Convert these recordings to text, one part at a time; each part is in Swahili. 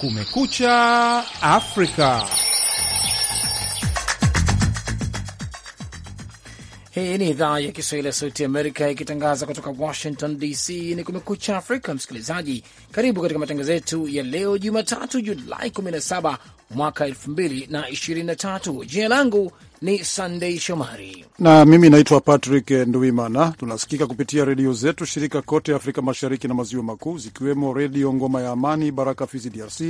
Kumekucha Afrika. Hii ni idhaa ya Kiswahili ya Sauti Amerika ikitangaza kutoka Washington DC. Ni Kumekucha Afrika. Msikilizaji, karibu katika matangazo yetu ya leo Jumatatu, Julai 17 mwaka 2023. Jina langu ni Sandei Shomari na mimi naitwa Patrick Nduimana. Tunasikika kupitia redio zetu shirika kote Afrika Mashariki na Maziwa Makuu, zikiwemo Redio Ngoma ya Amani Baraka Fizi DRC,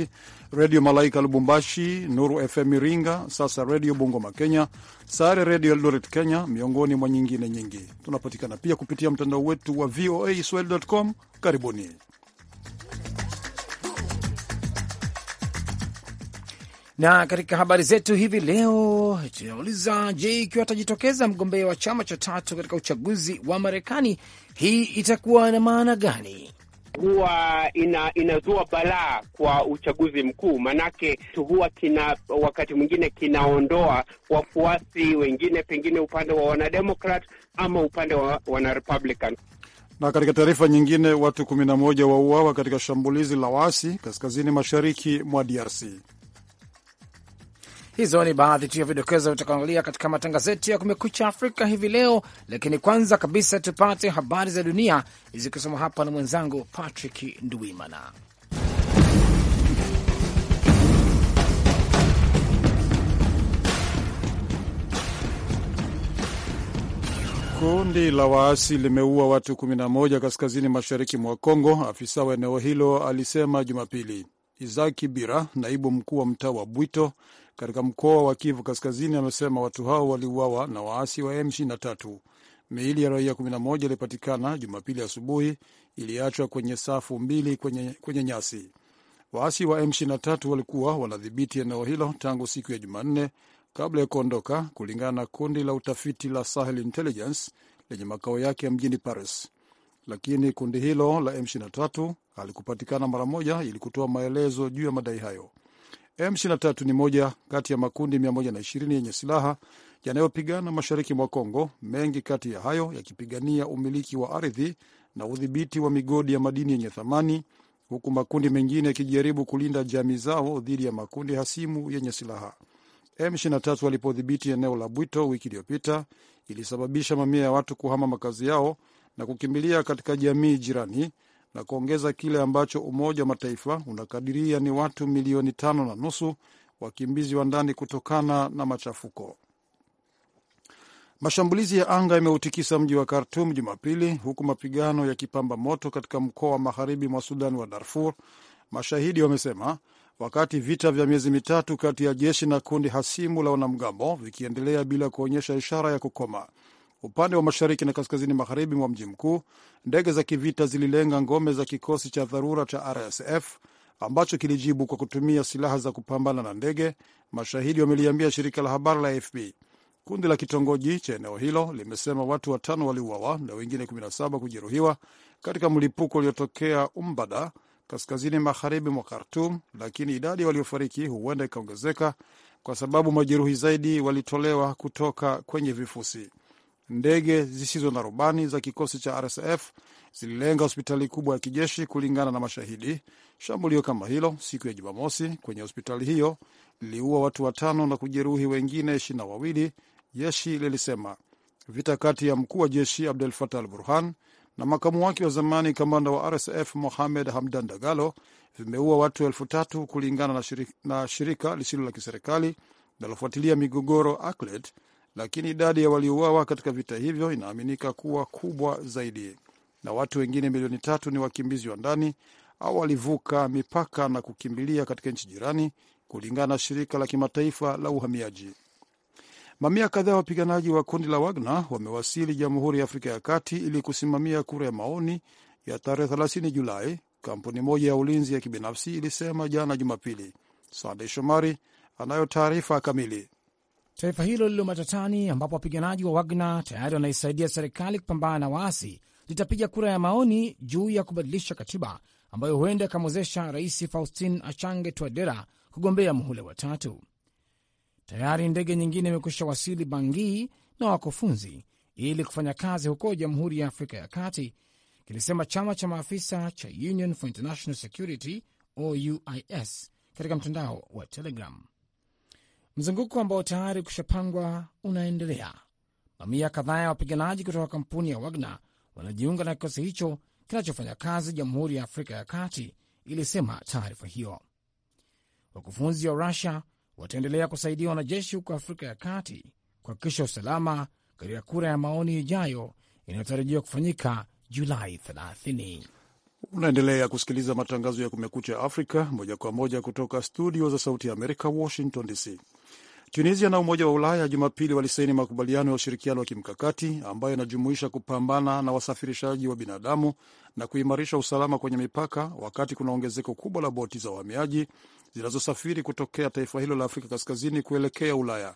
Redio Malaika Lubumbashi, Nuru FM Iringa, sasa Redio Bungoma Kenya, Sare Redio Eldoret Kenya, miongoni mwa nyingine nyingi. Tunapatikana pia kupitia mtandao wetu wa VOA Swahili.com. Karibuni. Na katika habari zetu hivi leo tunauliza, je, ikiwa atajitokeza mgombea wa chama cha tatu katika uchaguzi wa Marekani, hii itakuwa na maana gani? Huwa ina, inazua balaa kwa uchaguzi mkuu, maanake huwa kina wakati mwingine kinaondoa wafuasi wengine, pengine upande wa wanademokrat ama upande wa wanarepublican. Na katika taarifa nyingine, watu 11 wauawa katika shambulizi la waasi kaskazini mashariki mwa DRC. Hizo ni baadhi tu ya vidokezo vitakaangalia katika matangazo yetu ya Kumekucha Afrika hivi leo, lakini kwanza kabisa tupate habari za dunia zikisoma hapa na mwenzangu Patrick ndwimana Kundi la waasi limeua watu 11 kaskazini mashariki mwa Kongo, afisa wa eneo hilo alisema Jumapili. Izaki Bira, naibu mkuu wa mtaa wa Bwito katika mkoa wa Kivu Kaskazini, amesema watu hao waliuawa na waasi wa M23. Miili ya raia 11 ilipatikana Jumapili asubuhi, iliachwa kwenye safu mbili kwenye, kwenye nyasi. Waasi wa M23 walikuwa wanadhibiti eneo hilo tangu siku ya Jumanne kabla ya kuondoka, kulingana na kundi la utafiti la Sahel Intelligence lenye makao yake mjini Paris lakini kundi hilo la M23 halikupatikana mara moja ili kutoa maelezo juu ya madai hayo. M23 ni moja kati ya makundi 120 yenye silaha yanayopigana mashariki mwa Kongo, mengi kati ya hayo yakipigania umiliki wa ardhi na udhibiti wa migodi ya madini yenye thamani, huku makundi mengine yakijaribu kulinda jamii zao dhidi ya makundi hasimu yenye silaha. M23 walipodhibiti eneo la Bwito wiki iliyopita, ilisababisha mamia ya watu kuhama makazi yao na kukimbilia katika jamii jirani na kuongeza kile ambacho Umoja wa Mataifa unakadiria ni watu milioni tano na nusu wakimbizi wa ndani kutokana na machafuko. Mashambulizi ya anga yameutikisa mji wa Khartum Jumapili, huku mapigano yakipamba moto katika mkoa wa magharibi mwa Sudan wa Darfur, mashahidi wamesema, wakati vita vya miezi mitatu kati ya jeshi na kundi hasimu la wanamgambo vikiendelea bila kuonyesha ishara ya kukoma. Upande wa mashariki na kaskazini magharibi mwa mji mkuu, ndege za kivita zililenga ngome za kikosi cha dharura cha RSF ambacho kilijibu kwa kutumia silaha za kupambana na ndege, mashahidi wameliambia shirika la habari la AFP. Kundi la kitongoji cha eneo hilo limesema watu watano waliuawa na wengine 17 kujeruhiwa katika mlipuko uliotokea Umbada, kaskazini magharibi mwa Khartum, lakini idadi waliofariki huenda ikaongezeka kwa sababu majeruhi zaidi walitolewa kutoka kwenye vifusi. Ndege zisizo na rubani za kikosi cha RSF zililenga hospitali kubwa ya kijeshi kulingana na mashahidi. Shambulio kama hilo siku ya Jumamosi kwenye hospitali hiyo liliua watu watano na kujeruhi wengine ishirini na wawili, jeshi lilisema. Vita kati ya mkuu wa jeshi Abdel Fatah al Burhan na makamu wake wa zamani kamanda wa RSF Mohamed Hamdan Dagalo vimeua watu elfu tatu kulingana na shirika, na shirika lisilo la kiserikali linalofuatilia migogoro Aklet lakini idadi ya waliouawa katika vita hivyo inaaminika kuwa kubwa zaidi, na watu wengine milioni tatu ni wakimbizi wa ndani au walivuka mipaka na kukimbilia katika nchi jirani, kulingana na shirika la kimataifa la uhamiaji. Mamia kadhaa ya wapiganaji wa kundi la Wagner wamewasili Jamhuri ya Afrika ya Kati ili kusimamia kura ya maoni ya tarehe 30 Julai, kampuni moja ya ulinzi ya kibinafsi ilisema jana Jumapili. Sandey Shomari anayo taarifa kamili. Taifa hilo lililo matatani, ambapo wapiganaji wa Wagner tayari wanaisaidia serikali kupambana na waasi, litapiga kura ya maoni juu ya kubadilisha katiba ambayo huenda ikamwezesha Rais Faustin Achange Twadera kugombea muhula wa tatu. Tayari ndege nyingine imekwisha wasili Bangui na wakufunzi ili kufanya kazi huko Jamhuri ya Afrika ya Kati, kilisema chama cha maafisa cha Union for International Security, OUIS, katika mtandao wa Telegram. Mzunguko ambao tayari kushapangwa unaendelea. Mamia kadhaa ya wapiganaji kutoka kampuni ya Wagner wanajiunga na kikosi hicho kinachofanya kazi Jamhuri ya Afrika ya Kati, ilisema taarifa hiyo. Wakufunzi wa Rusia wataendelea kusaidia wanajeshi huko Afrika ya Kati kuhakikisha usalama katika kura ya maoni ijayo inayotarajiwa kufanyika Julai 30. Unaendelea kusikiliza matangazo ya Kumekucha Afrika moja kwa moja kutoka studio za Sauti ya Amerika, Washington DC. Tunisia na Umoja wa Ulaya Jumapili walisaini makubaliano ya ushirikiano wa kimkakati ambayo yanajumuisha kupambana na wasafirishaji wa binadamu na kuimarisha usalama kwenye mipaka, wakati kuna ongezeko kubwa la boti za uhamiaji zinazosafiri kutokea taifa hilo la Afrika Kaskazini kuelekea Ulaya.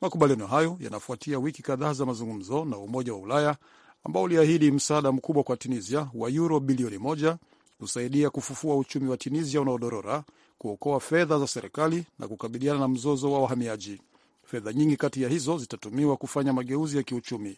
Makubaliano hayo yanafuatia wiki kadhaa za mazungumzo na Umoja wa Ulaya ambao uliahidi msaada mkubwa kwa Tunisia wa yuro bilioni moja kusaidia kufufua uchumi wa Tunisia unaodorora kuokoa fedha za serikali na kukabiliana na mzozo wa wahamiaji. Fedha nyingi kati ya hizo zitatumiwa kufanya mageuzi ya kiuchumi.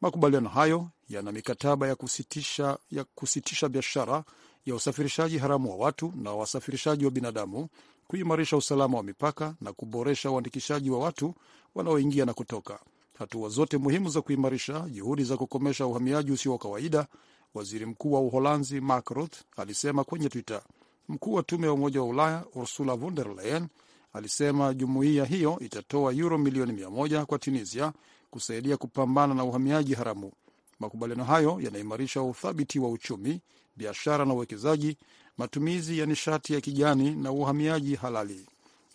Makubaliano hayo yana mikataba ya kusitisha, ya kusitisha biashara ya usafirishaji haramu wa watu na wasafirishaji wa binadamu, kuimarisha usalama wa mipaka na kuboresha uandikishaji wa watu wanaoingia na kutoka, hatua zote muhimu za kuimarisha juhudi za kukomesha uhamiaji usio wa kawaida, waziri mkuu wa Uholanzi Mark Rutte alisema kwenye Twitter. Mkuu wa tume ya Umoja wa Ulaya Ursula von der Leyen alisema jumuiya hiyo itatoa yuro milioni mia moja kwa Tunisia kusaidia kupambana na uhamiaji haramu. Makubaliano hayo yanaimarisha uthabiti wa uchumi, biashara na uwekezaji, matumizi ya nishati ya kijani na uhamiaji halali.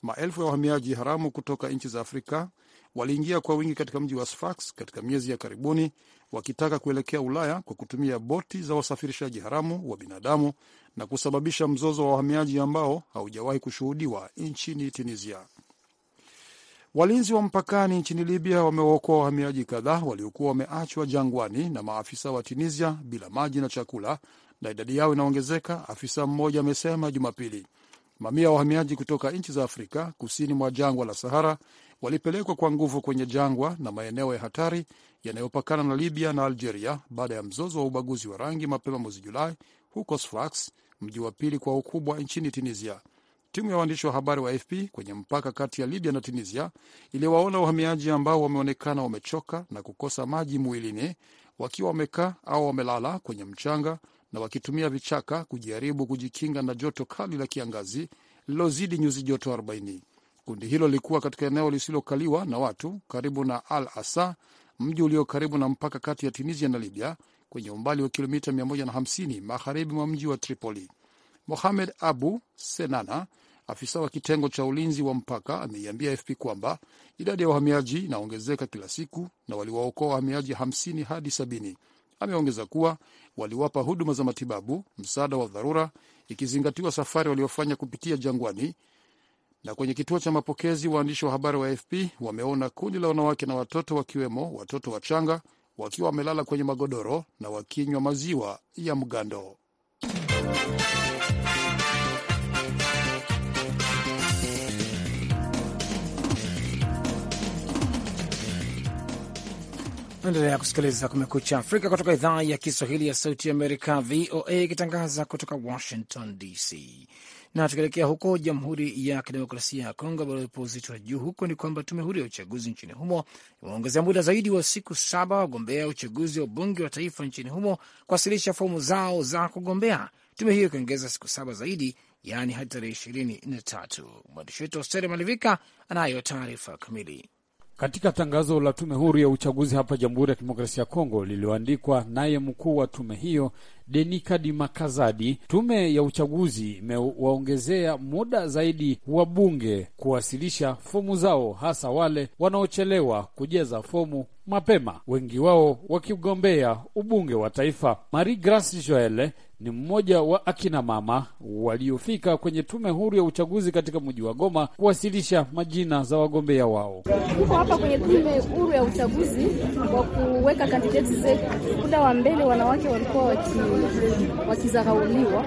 Maelfu ya wahamiaji haramu kutoka nchi za Afrika waliingia kwa wingi katika mji wa Sfax katika miezi ya karibuni wakitaka kuelekea Ulaya kwa kutumia boti za wasafirishaji haramu wa binadamu na kusababisha mzozo wa wahamiaji ambao haujawahi kushuhudiwa nchini Tunisia. Walinzi wa mpakani nchini Libya wamewaokoa wahamiaji kadhaa waliokuwa wameachwa jangwani na maafisa wa Tunisia bila maji na chakula, na idadi yao inaongezeka, afisa mmoja amesema Jumapili. Mamia ya wahamiaji kutoka nchi za Afrika kusini mwa jangwa la Sahara walipelekwa kwa nguvu kwenye jangwa na maeneo ya hatari yanayopakana na Libya na Algeria baada ya mzozo wa ubaguzi wa rangi mapema mwezi Julai huko Sfax, mji wa pili kwa ukubwa nchini Tunisia. Timu ya waandishi wa habari wa fp kwenye mpaka kati ya Libya na Tunisia iliwaona wahamiaji ambao wameonekana wamechoka na kukosa maji mwilini wakiwa wamekaa au wamelala kwenye mchanga na wakitumia vichaka kujaribu kujikinga na joto kali la kiangazi lilozidi nyuzi joto Kundi hilo lilikuwa katika eneo lisilokaliwa na watu karibu na Al Asa, mji ulio karibu na mpaka kati ya Tunisia na Libya, kwenye umbali wa kilomita 150 magharibi mwa mji wa Tripoli. Mohamed Abu Senana, afisa wa kitengo cha ulinzi wa mpaka, ameiambia FP kwamba idadi ya wahamiaji inaongezeka kila siku na waliwaokoa wahamiaji 50 hadi 70. Ameongeza kuwa waliwapa huduma za matibabu, msaada wa dharura, ikizingatiwa safari waliofanya kupitia jangwani na kwenye kituo cha mapokezi, waandishi wa habari wa AFP wameona kundi la wanawake na watoto, wakiwemo watoto wachanga, wakiwa wamelala kwenye magodoro na wakinywa maziwa ya mgando. Endelea kusikiliza Kumekucha Afrika kutoka idhaa ya Kiswahili ya Sauti ya Amerika, VOA, ikitangaza kutoka Washington DC. Na tukielekea huko Jamhuri ya Kidemokrasia ya Kongo, ambalo lipo uzito wa juu huko ni kwamba tume huru ya uchaguzi nchini humo imeongezea muda zaidi wa siku saba wagombea uchaguzi wa ubunge wa taifa nchini humo kuwasilisha fomu zao za kugombea, tume hiyo ikiongeza siku saba zaidi, yaani hadi tarehe ishirini na tatu. Mwandishi wetu Hosteri Malivika anayo taarifa kamili. Katika tangazo la tume huru ya uchaguzi hapa Jamhuri ya Kidemokrasia ya Kongo lililoandikwa naye mkuu wa tume hiyo Denikadi Makazadi, tume ya uchaguzi imewaongezea muda zaidi wa bunge kuwasilisha fomu zao, hasa wale wanaochelewa kujaza fomu mapema, wengi wao wakigombea ubunge wa taifa. Marie Grace joele ni mmoja wa akina mama waliofika kwenye tume huru ya uchaguzi katika mji wa Goma kuwasilisha majina za wagombea wao. Tuko hapa kwenye tume huru ya uchaguzi wa kuweka kandideti zetu. Muda wa mbele wanawake walikuwa wakizarauliwa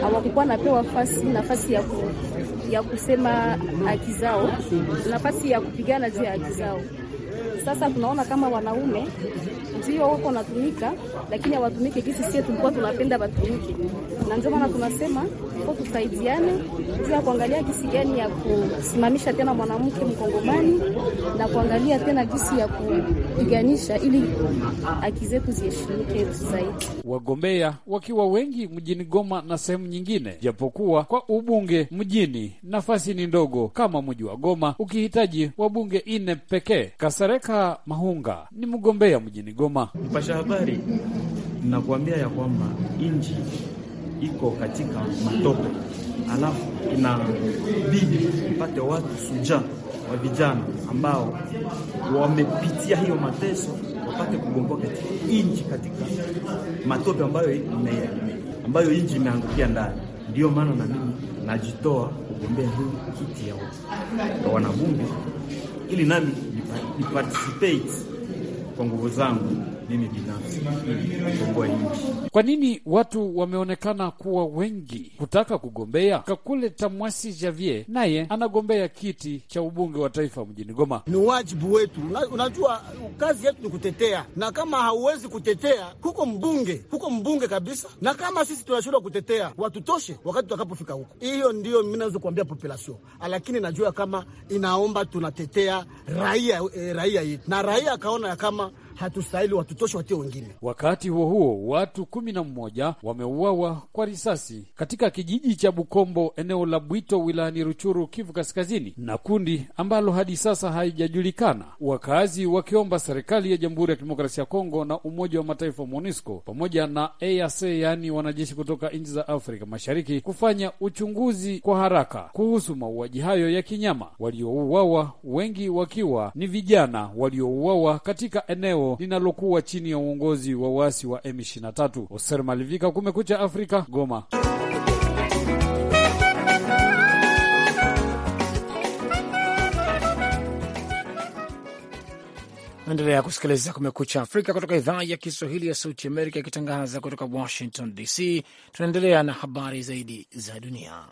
hawakukuwa napewa fasi nafasi ya, ku, ya kusema haki zao, nafasi ya kupigana juu ya haki zao. Sasa tunaona kama wanaume ndio wako wanatumika, lakini hawatumike kisi sisi tulikuwa tunapenda watumike, na ndio maana tunasema kwa tusaidiane, kwa kuangalia kisi gani ya kusimamisha tena mwanamke mkongomani na kuangalia tena kisi ya kupiganisha ili haki zetu ziheshimike zaidi. Wagombea wakiwa wengi mjini Goma na sehemu nyingine, japokuwa kwa ubunge mjini nafasi ni ndogo, kama mji wa Goma ukihitaji wabunge ine pekee. Kasereka Mahunga ni mgombea mjini Goma. Mpasha habari, nakuambia ya kwamba inji iko katika matope, alafu inabidi mpate watu suja wa vijana ambao wamepitia hiyo mateso wapate kugomboa katika inji, katika matope ambayo ime, ambayo inji imeangukia ndani. Ndiyo maana na mimi najitoa kugombea hii kiti ya wanabunge ili nami participate kwa nguvu zangu mimi binafsi kukomboa nchi. Kwa nini watu wameonekana kuwa wengi kutaka kugombea? Kakule Tamwasi Javier naye anagombea kiti cha ubunge wa taifa mjini Goma. Ni wajibu wetu, unajua kazi yetu ni kutetea, na kama hauwezi kutetea, huko mbunge, huko mbunge kabisa. Na kama sisi tunashindwa kutetea, watutoshe wakati tutakapofika huko. Hiyo ndiyo mimi naweza kuambia populasio, lakini najua kama inaomba tunatetea raia, e, raia yetu na raia akaona ya kama hatustahili watutoshe watie wengine. Wakati huo huo, watu kumi na mmoja wameuawa kwa risasi katika kijiji cha Bukombo, eneo la Bwito, wilayani Ruchuru, Kivu Kaskazini, na kundi ambalo hadi sasa haijajulikana, wakazi wakiomba serikali ya Jamhuri ya Kidemokrasia ya Kongo na Umoja wa Mataifa MONUSCO pamoja na EAC, yaani wanajeshi kutoka nchi za Afrika Mashariki kufanya uchunguzi kwa haraka kuhusu mauaji hayo ya kinyama, waliouawa wengi wakiwa ni vijana waliouawa katika eneo linalokuwa chini ya uongozi wa waasi wa M23. Oser Malivika, Kumekucha Afrika, Goma. Endelea kusikiliza Kumekucha Afrika kutoka idhaa ya Kiswahili ya Sauti Amerika, ikitangaza kutoka Washington DC. Tunaendelea na habari zaidi za dunia.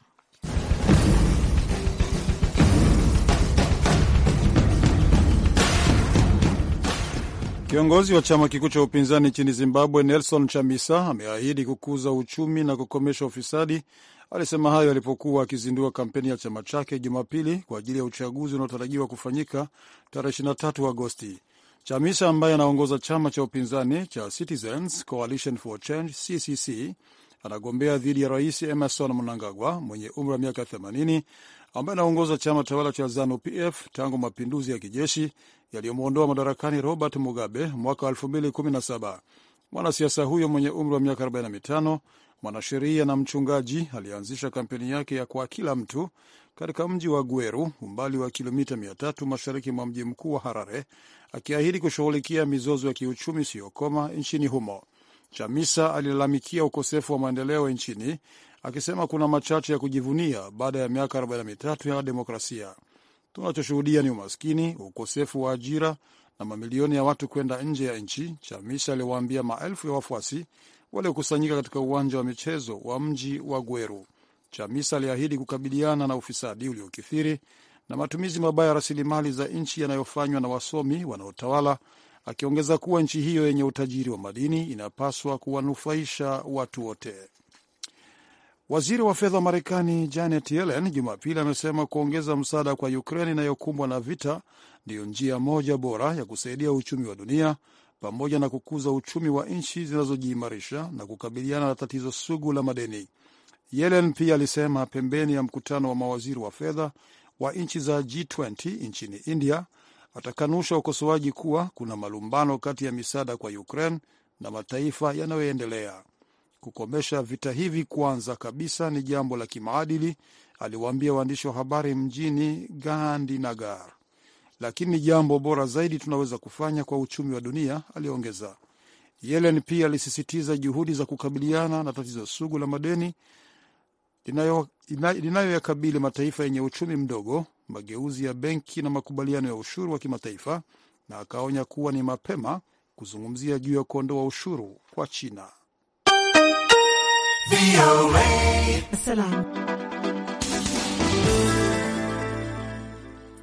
Kiongozi wa chama kikuu cha upinzani nchini Zimbabwe, Nelson Chamisa, ameahidi kukuza uchumi na kukomesha ufisadi. Alisema hayo alipokuwa akizindua kampeni ya chama chake Jumapili kwa ajili ya uchaguzi unaotarajiwa kufanyika tarehe 23 Agosti. Chamisa ambaye anaongoza chama cha upinzani cha Citizens Coalition for Change CCC anagombea dhidi ya Rais Emerson Mnangagwa mwenye umri wa miaka 80 ambaye anaongoza chama tawala cha ZANU PF tangu mapinduzi ya kijeshi yaliyomwondoa madarakani Robert Mugabe mwaka 2017. Mwanasiasa huyo mwenye umri wa miaka 45, mwanasheria na mchungaji, alianzisha kampeni yake ya kwa kila mtu katika mji wa Gweru, umbali wa kilomita 300 mashariki mwa mji mkuu wa Harare, akiahidi kushughulikia mizozo ya kiuchumi isiyokoma nchini humo. Chamisa alilalamikia ukosefu wa maendeleo nchini akisema kuna machache ya kujivunia baada ya miaka 43 ya demokrasia tunachoshuhudia ni umaskini, ukosefu wa ajira na mamilioni ya watu kwenda nje ya nchi, Chamisa aliwaambia maelfu ya wafuasi waliokusanyika katika uwanja wa michezo wa mji wa Gweru. Chamisa aliahidi kukabiliana na ufisadi uliokithiri na matumizi mabaya ya rasilimali za nchi yanayofanywa na wasomi wanaotawala, akiongeza kuwa nchi hiyo yenye utajiri wa madini inapaswa kuwanufaisha watu wote. Waziri wa fedha wa Marekani Janet Yellen Jumapili amesema kuongeza msaada kwa Ukraine inayokumbwa na vita ndiyo njia moja bora ya kusaidia uchumi wa dunia pamoja na kukuza uchumi wa nchi zinazojiimarisha na kukabiliana na tatizo sugu la madeni. Yellen pia alisema pembeni ya mkutano wa mawaziri wa fedha wa nchi za G20 nchini India atakanusha ukosoaji kuwa kuna malumbano kati ya misaada kwa Ukraine na mataifa yanayoendelea. Kukomesha vita hivi kwanza kabisa ni jambo la kimaadili, aliwaambia waandishi wa habari mjini Gandhinagar, lakini ni jambo bora zaidi tunaweza kufanya kwa uchumi wa dunia, aliongeza. Yellen pia alisisitiza juhudi za kukabiliana na tatizo sugu la madeni linayoyakabili inayo mataifa yenye uchumi mdogo, mageuzi ya benki na makubaliano ya ushuru wa kimataifa, na akaonya kuwa ni mapema kuzungumzia juu ya kuondoa ushuru kwa China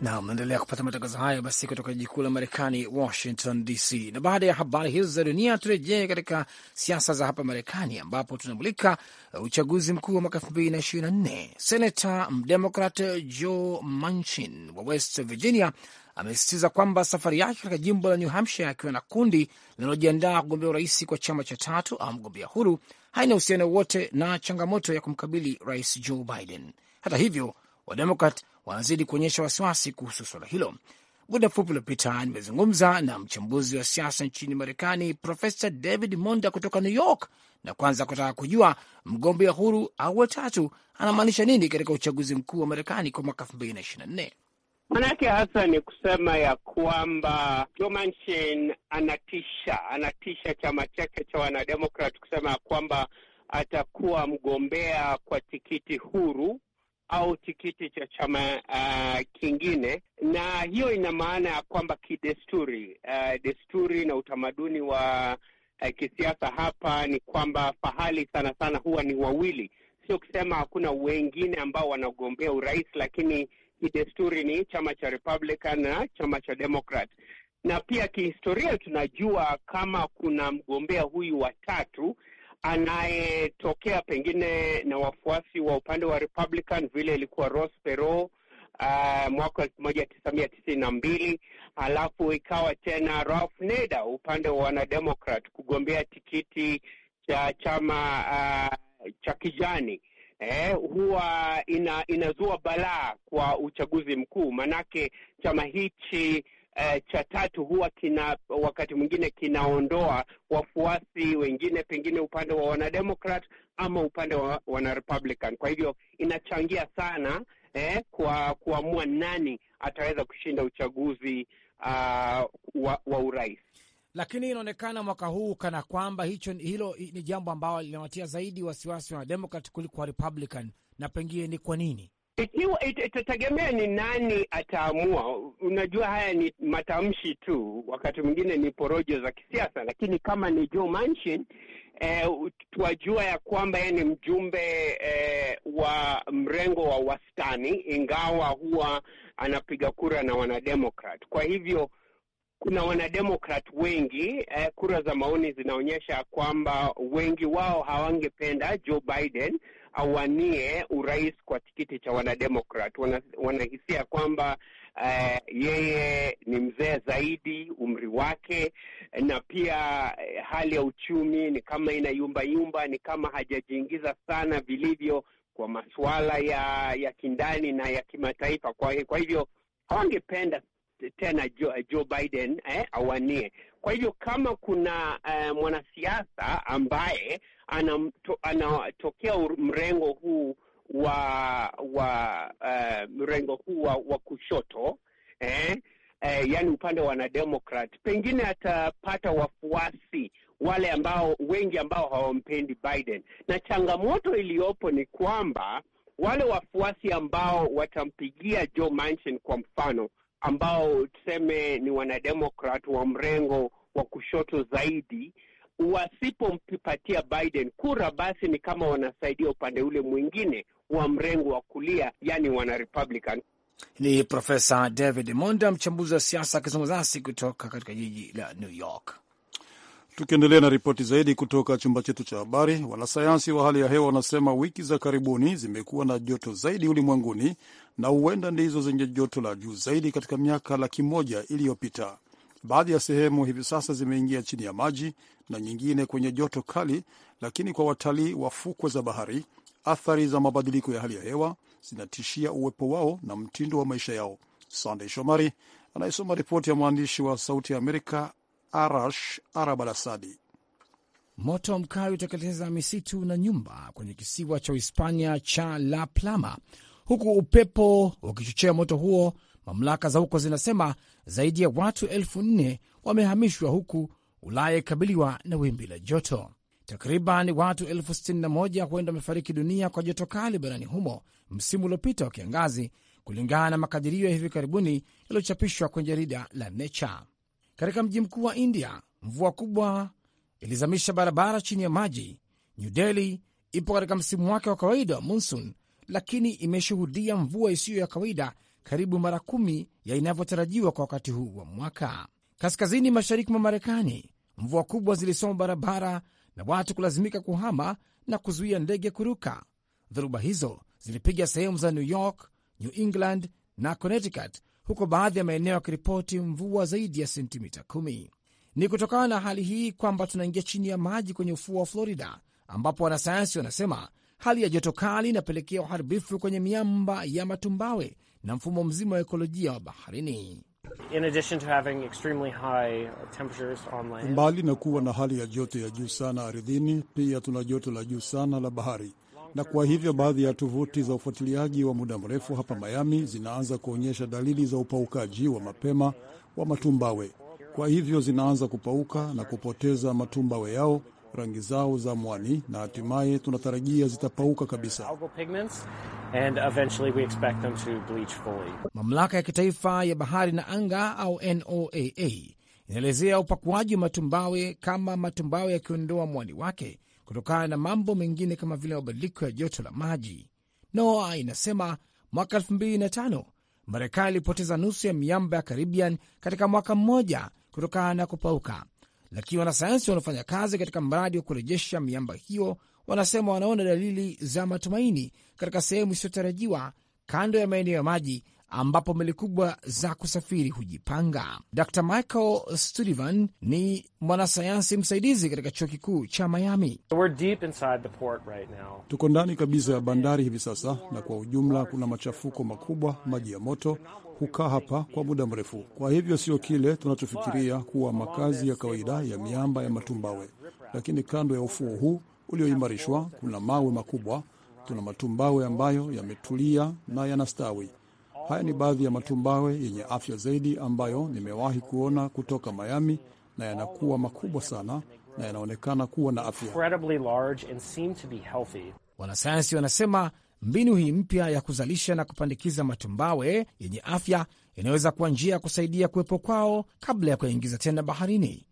na mnaendelea kupata matangazo hayo basi kutoka jiji kuu la Marekani, Washington DC. Na baada ya habari hizo za dunia, turejee katika siasa za hapa Marekani, ambapo tunamulika uchaguzi mkuu wa mwaka elfu mbili na ishirini na nne. Senata mdemokrat Joe Manchin wa West Virginia amesisitiza kwamba safari yake katika jimbo la New Hampshire, akiwa na kundi linalojiandaa kugombea urais kwa chama cha tatu au mgombea huru haina uhusiano wwote na changamoto ya kumkabili rais Joe Biden. Hata hivyo, Wademokrat wanazidi kuonyesha wasiwasi kuhusu suala hilo. Muda mfupi uliopita nimezungumza na mchambuzi wa siasa nchini Marekani, Profesa David Monda kutoka New York, na kwanza kutaka kujua mgombea huru au watatu anamaanisha nini katika uchaguzi mkuu wa Marekani kwa mwaka elfu mbili na ishirini na nne. Manake hasa ni kusema ya kwamba Jomanshin anatisha, anatisha chama chake cha Wanademokrat kusema ya kwamba atakuwa mgombea kwa tikiti huru au tikiti cha chama uh, kingine, na hiyo ina maana ya kwamba kidesturi, uh, desturi na utamaduni wa uh, kisiasa hapa ni kwamba fahali sana sana huwa ni wawili, sio kusema hakuna wengine ambao wanagombea urais, lakini kidesturi ni chama cha Republican na chama cha Democrat, na pia kihistoria tunajua kama kuna mgombea huyu watatu anayetokea pengine na wafuasi wa upande wa Republican, vile ilikuwa Ross Perot Uh, mwaka wa elfu moja tisa mia tisini na mbili alafu ikawa tena Ralph Nader upande wa wanademokrat kugombea tikiti cha chama uh, cha kijani eh, huwa ina, inazua balaa kwa uchaguzi mkuu, manake chama hichi eh, cha tatu huwa kina wakati mwingine kinaondoa wafuasi wengine, pengine upande wa wanademokrat ama upande wa wanarepublican. Kwa hivyo inachangia sana eh, kwa kuamua nani ataweza kushinda uchaguzi uh, wa, wa urais lakini inaonekana mwaka huu kana kwamba hicho hilo ni jambo ambalo linawatia zaidi wasiwasi wa Democrat kuliko wa Republican, na pengine ni kwa nini? Ikiwa itategemea ni nani ataamua. Unajua, haya ni matamshi tu, wakati mwingine ni porojo za kisiasa, lakini kama ni Joe Manchin eh, twajua ya kwamba yeye ni mjumbe eh, wa mrengo wa wastani, ingawa huwa anapiga kura na wanademokrat. Kwa hivyo kuna wanademokrat wengi eh, kura za maoni zinaonyesha kwamba wengi wao hawangependa Joe Biden awanie urais kwa tikiti cha wanademokrat. Wana, wanahisia kwamba eh, yeye ni mzee zaidi, umri wake na pia eh, hali ya uchumi ni kama ina yumba yumba, ni kama hajajiingiza sana vilivyo kwa masuala ya ya kindani na ya kimataifa. Kwa, kwa hivyo hawangependa tena Joe, eh, Joe Biden eh, awanie. Kwa hivyo kama kuna uh, mwanasiasa ambaye anatokea anatokea mrengo huu wa wa uh, mrengo huu wa, wa kushoto eh, eh, yani upande wa wanademokrat, pengine atapata wafuasi wale ambao wengi ambao hawampendi Biden, na changamoto iliyopo ni kwamba wale wafuasi ambao watampigia Joe Manchin kwa mfano ambao tuseme ni wanademokrat wa mrengo wa kushoto zaidi wasipompatia Biden kura, basi ni kama wanasaidia upande ule mwingine wa mrengo wa kulia, yani wana Republican. Ni Profesa David Monda, mchambuzi wa siasa akizungumza nasi kutoka katika jiji la New York. Tukiendelea na ripoti zaidi kutoka chumba chetu cha habari, wanasayansi wa hali ya hewa wanasema wiki za karibuni zimekuwa na joto zaidi ulimwenguni na huenda ndizo zenye joto la juu zaidi katika miaka laki moja iliyopita. Baadhi ya sehemu hivi sasa zimeingia chini ya maji na nyingine kwenye joto kali, lakini kwa watalii wa fukwe za bahari, athari za mabadiliko ya hali ya hewa zinatishia uwepo wao na mtindo wa maisha yao. Sandey Shomari anayesoma ripoti ya mwandishi wa Sauti ya Amerika Arash Arab al Asadi. Moto mkali uteketeza misitu na nyumba kwenye kisiwa cha Uhispania cha La Palma, huku upepo ukichochea moto huo. Mamlaka za huko zinasema zaidi ya watu elfu nne wamehamishwa, huku Ulaya ikabiliwa na wimbi la joto. Takriban watu elfu sitini na moja huenda wamefariki dunia kwa joto kali barani humo msimu uliopita wa kiangazi, kulingana na makadirio ya hivi karibuni yaliyochapishwa kwenye jarida la Nature. Katika mji mkuu wa India, mvua kubwa ilizamisha barabara chini ya maji. New Delhi ipo katika msimu wake wa kawaida wa monsoon, lakini imeshuhudia mvua isiyo ya kawaida karibu mara kumi ya inavyotarajiwa kwa wakati huu wa mwaka. Kaskazini mashariki mwa Marekani, mvua kubwa zilisoma barabara na watu kulazimika kuhama na kuzuia ndege kuruka. Dhoruba hizo zilipiga sehemu za New York, New England na Connecticut huko baadhi ya maeneo yakiripoti mvua zaidi ya sentimita kumi. Ni kutokana na hali hii kwamba tunaingia chini ya maji kwenye ufuo wa Florida, ambapo wanasayansi wanasema hali ya joto kali inapelekea uharibifu kwenye miamba ya matumbawe na mfumo mzima wa ekolojia wa baharini. Mbali na kuwa na hali ya joto ya juu sana ardhini, pia tuna joto la juu sana la bahari na kwa hivyo baadhi ya tovuti za ufuatiliaji wa muda mrefu hapa Miami zinaanza kuonyesha dalili za upaukaji wa mapema wa matumbawe. Kwa hivyo zinaanza kupauka na kupoteza matumbawe yao, rangi zao za mwani, na hatimaye tunatarajia zitapauka kabisa. Mamlaka ya kitaifa ya bahari na anga au NOAA inaelezea upakuaji wa matumbawe kama matumbawe yakiondoa mwani wake kutokana na mambo mengine kama vile mabadiliko ya joto la maji. NOAA inasema mwaka 2005 Marekani ilipoteza nusu ya miamba ya Caribbean katika mwaka mmoja kutokana na kupauka, lakini wanasayansi wanaofanya kazi katika mradi wa kurejesha miamba hiyo wanasema wanaona dalili za matumaini katika sehemu isiyotarajiwa kando ya maeneo ya maji ambapo meli kubwa za kusafiri hujipanga. Dr Michael Sullivan ni mwanasayansi msaidizi katika chuo kikuu cha Miami. Right, tuko ndani kabisa ya bandari hivi sasa, na kwa ujumla kuna machafuko makubwa. Maji ya moto hukaa hapa kwa muda mrefu, kwa hivyo sio kile tunachofikiria kuwa makazi ya kawaida ya miamba ya matumbawe, lakini kando ya ufuo huu ulioimarishwa kuna mawe makubwa, tuna matumbawe ambayo yametulia na yanastawi. Haya ni baadhi ya matumbawe yenye afya zaidi ambayo nimewahi kuona kutoka Miami, na yanakuwa makubwa sana na yanaonekana kuwa na afya. Wanasayansi wanasema mbinu hii mpya ya kuzalisha na kupandikiza matumbawe yenye afya inaweza kuwa njia ya kusaidia kuwepo kwao kabla ya kuyaingiza tena baharini.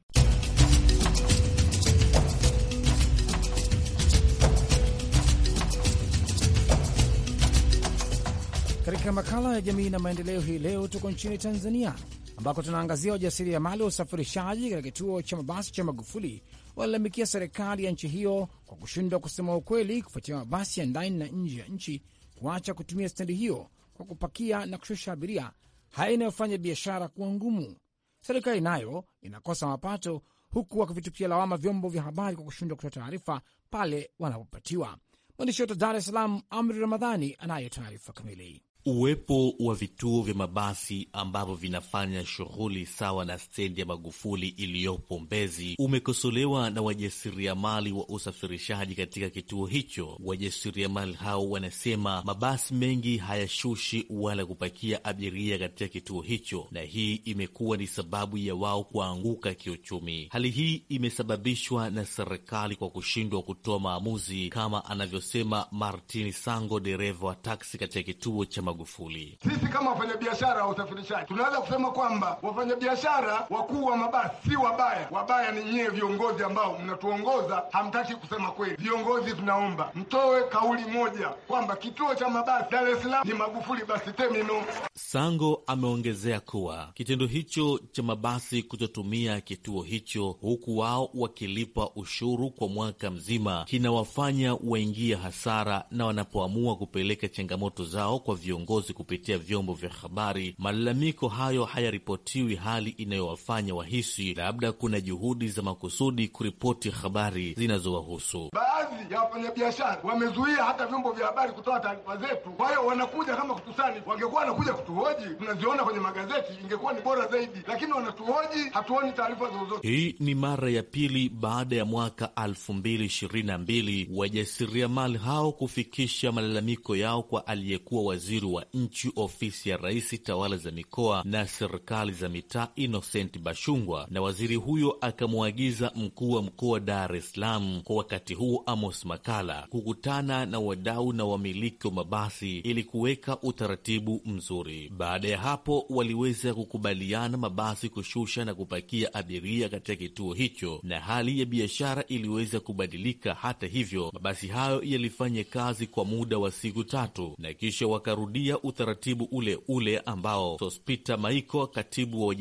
Katika makala ya jamii na maendeleo hii leo, tuko nchini Tanzania ambako tunaangazia wajasiriamali wa usafirishaji katika kituo cha mabasi cha Magufuli walalamikia serikali ya nchi hiyo kwa kushindwa kusema ukweli kufuatia mabasi ya ndani na nje ya nchi kuacha kutumia stendi hiyo kwa kupakia na kushusha abiria, hali inayofanya biashara kuwa ngumu. Serikali nayo inakosa mapato, huku wakivitupia lawama vyombo vya habari kwa kushindwa kutoa taarifa pale wanapopatiwa. Mwandishi wetu Dar es Salaam, Amri Ramadhani, anayo taarifa kamili. Uwepo wa vituo vya mabasi ambavyo vinafanya shughuli sawa na stendi ya Magufuli iliyopo Mbezi umekosolewa na wajasiriamali wa usafirishaji katika kituo hicho. Wajasiriamali hao wanasema mabasi mengi hayashushi wala kupakia abiria katika kituo hicho, na hii imekuwa ni sababu ya wao kuanguka kiuchumi. Hali hii imesababishwa na serikali kwa kushindwa kutoa maamuzi, kama anavyosema Martin Sango, dereva wa taksi katika kituo cha Magufuli. Sisi kama wafanyabiashara wa usafirishaji tunaweza kusema kwamba wafanyabiashara wakuu wa mabasi si wabaya. Wabaya ni nyie viongozi ambao mnatuongoza, hamtaki kusema kweli. Viongozi, tunaomba mtoe kauli moja kwamba kituo cha mabasi Dar es Salaam ni Magufuli basi temino. Sango ameongezea kuwa kitendo hicho cha mabasi kutotumia kituo hicho, huku wao wakilipa ushuru kwa mwaka mzima, kinawafanya waingie hasara na wanapoamua kupeleka changamoto zao kwa viongozi viongozi kupitia vyombo vya habari, malalamiko hayo hayaripotiwi, hali inayowafanya wahisi labda kuna juhudi za makusudi kuripoti habari zinazowahusu. Baadhi ya wafanyabiashara wamezuia hata vyombo vya habari kutoa taarifa zetu, kwa hiyo wanakuja kama kutusani. Wangekuwa wanakuja kutuhoji, tunaziona kwenye magazeti, ingekuwa ni bora zaidi, lakini wanatuhoji, hatuoni taarifa zozote. Hii ni mara ya pili baada ya mwaka elfu mbili ishirini na mbili wajasiriamali hao kufikisha malalamiko yao kwa aliyekuwa waziri wa nchi ofisi ya rais tawala za mikoa na serikali za mitaa Innocent Bashungwa, na waziri huyo akamwagiza mkuu wa mkoa Dar es Salaam kwa wakati huo Amos Makala kukutana na wadau na wamiliki wa mabasi ili kuweka utaratibu mzuri. Baada ya hapo, waliweza kukubaliana mabasi kushusha na kupakia abiria katika kituo hicho, na hali ya biashara iliweza kubadilika. Hata hivyo, mabasi hayo yalifanya kazi kwa muda wa siku tatu na kisha wakarudi kurudia utaratibu ule ule ambao Sospita Maiko, katibu wa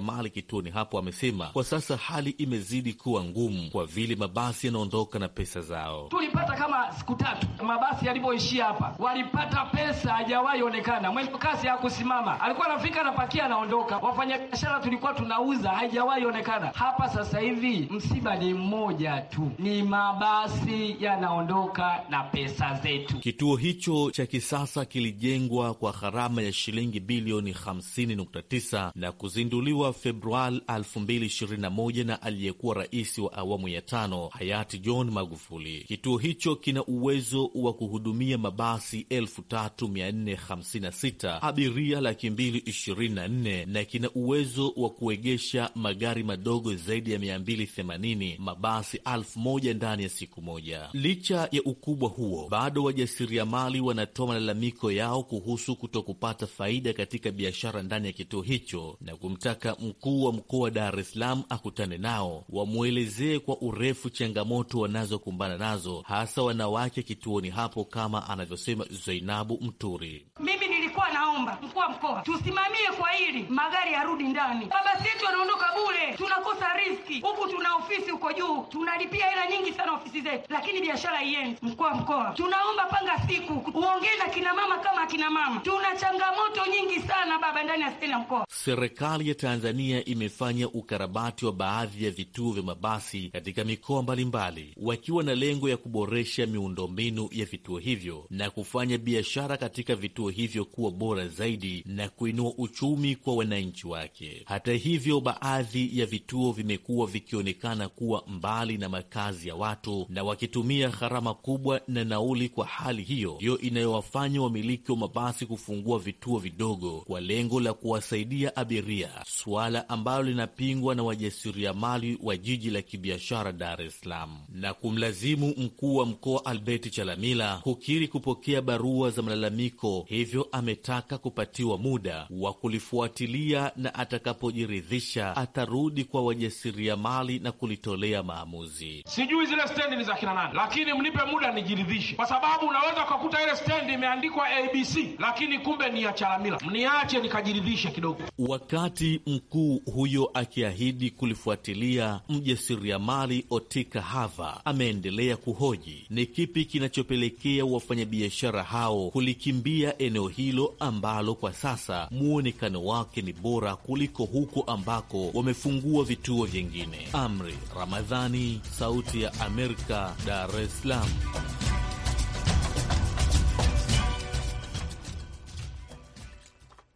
mali kituoni hapo, amesema kwa sasa hali imezidi kuwa ngumu kwa vile mabasi yanaondoka na pesa zao. Tulipata kama siku tatu mabasi yalivyoishia hapa, walipata pesa hajawahi onekana, mwendo kasi ya kusimama, alikuwa anafika anapakia anaondoka. Wafanyabiashara tulikuwa tunauza, haijawahi onekana hapa. Sasa hivi msiba ni mmoja tu, ni mabasi yanaondoka na pesa zetu. Kituo hicho cha kisasa kilijenga kujengwa kwa gharama ya shilingi bilioni 50.9 na kuzinduliwa Februari 2021 na aliyekuwa rais wa awamu ya tano hayati John Magufuli. Kituo hicho kina uwezo wa kuhudumia mabasi 3456 abiria laki 224 na kina uwezo wa kuegesha magari madogo zaidi ya 280 mabasi 1 ndani ya siku moja. Licha ya ukubwa huo, bado wajasiriamali wanatoa malalamiko yao kuhusu kutokupata faida katika biashara ndani ya kituo hicho na kumtaka mkuu wa mkoa wa Dar es Salaam akutane nao wamwelezee kwa urefu changamoto wanazokumbana nazo hasa wanawake kituoni hapo, kama anavyosema Zainabu Mturi. Mimi nilikuwa naomba mkuu wa mkoa tusimamie kwa hili, magari yarudi ndani, mabasi yetu yanaondoka bule tunakosa riski huku, tuna ofisi huko juu, tunalipia hela nyingi sana ofisi zetu, lakini biashara iende. Mkuu wa mkoa tunaomba panga siku uongee na kinamama kama kina mama. Tuna changamoto nyingi sana baba, ndani ya stendi ya mkoa. Serikali ya Tanzania imefanya ukarabati wa baadhi ya vituo vya mabasi katika mikoa mbalimbali, wakiwa na lengo ya kuboresha miundombinu ya vituo hivyo na kufanya biashara katika vituo hivyo kuwa bora zaidi na kuinua uchumi kwa wananchi wake. Hata hivyo, baadhi ya vituo vimekuwa vikionekana kuwa mbali na makazi ya watu na wakitumia gharama kubwa na nauli. Kwa hali hiyo hiyo inayowafanya wamiliki wa mabasi kufungua vituo vidogo kwa lengo la kuwasaidia abiria, suala ambalo linapingwa na wajasiriamali wa jiji la kibiashara Dar es Salaam na kumlazimu mkuu wa mkoa Albert Chalamila kukiri kupokea barua za malalamiko, hivyo ametaka kupatiwa muda wa kulifuatilia na atakapojiridhisha atarudi kwa wajasiriamali na kulitolea maamuzi. Sijui zile stendi ni za kina nani, lakini mnipe muda nijiridhishe, kwa sababu unaweza ukakuta ile stendi imeandikwa ABC lakini kumbe ni ya Chalamila. Mniache nikajiridhishe kidogo. Wakati mkuu huyo akiahidi kulifuatilia, mjasiriamali Otika Hava ameendelea kuhoji ni kipi kinachopelekea wafanyabiashara hao kulikimbia eneo hilo ambalo kwa sasa muonekano wake ni bora kuliko huko ambako wamefungua vituo vingine. Amri Ramadhani, Sauti ya Amerika, Dar es Salaam.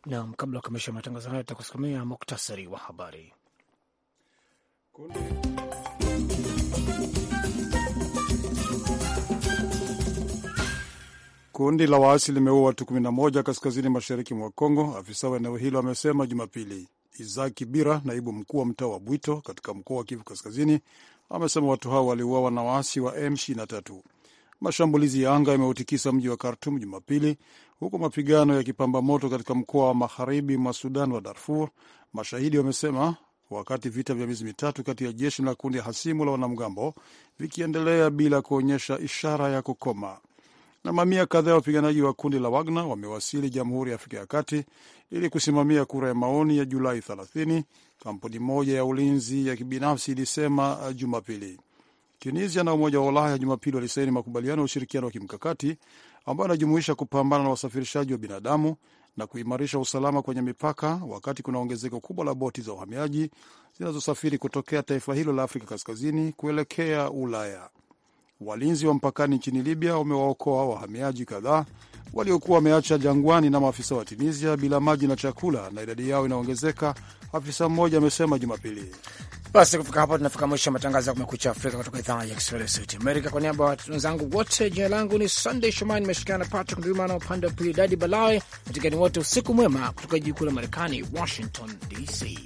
Naam, kabla ya kukamilisha matangazo hayo, tutakusomea muktasari wa habari. Kundi la waasi limeua watu 11 kaskazini mashariki mwa Kongo, afisa wa eneo hilo amesema Jumapili. Izaki Bira, naibu mkuu wa mtaa wa Bwito katika mkoa wa Kivu Kaskazini, amesema watu hao waliuawa na waasi wa M23. Mashambulizi ya anga yameutikisa mji wa Khartum Jumapili huku mapigano yakipamba moto katika mkoa wa magharibi mwa Sudan wa Darfur, mashahidi wamesema, wakati vita vya miezi mitatu kati ya jeshi na kundi hasimu la wanamgambo vikiendelea bila kuonyesha ishara ya kukoma. Na mamia kadhaa ya wapiganaji wa kundi la Wagner wamewasili Jamhuri ya Afrika ya Kati ili kusimamia kura ya maoni ya Julai 30, kampuni moja ya ulinzi ya kibinafsi ilisema Jumapili. Tunisia na Umoja wa Ulaya Jumapili walisaini makubaliano ya ushirikiano wa kimkakati ambayo inajumuisha kupambana na wasafirishaji wa binadamu na kuimarisha usalama kwenye mipaka, wakati kuna ongezeko kubwa la boti za uhamiaji zinazosafiri kutokea taifa hilo la Afrika Kaskazini kuelekea Ulaya. Walinzi wa mpakani nchini Libya wamewaokoa wahamiaji kadhaa waliokuwa wameacha jangwani na maafisa wa Tunisia bila maji na chakula, na idadi yao inaongezeka, afisa mmoja amesema Jumapili. Basi kufika hapo, tunafika mwisho wa matangazo ya Kumekucha Afrika kutoka idhaa ya Kiswahili ya Sauti Amerika. Kwa niaba ya wenzangu wote, jina langu ni Sunday Shomani, nimeshirikiana na Patrick Ndwimana, upande wa pili Dadi Balawe. Matikani wote, usiku mwema kutoka jiji kuu la Marekani, Washington DC.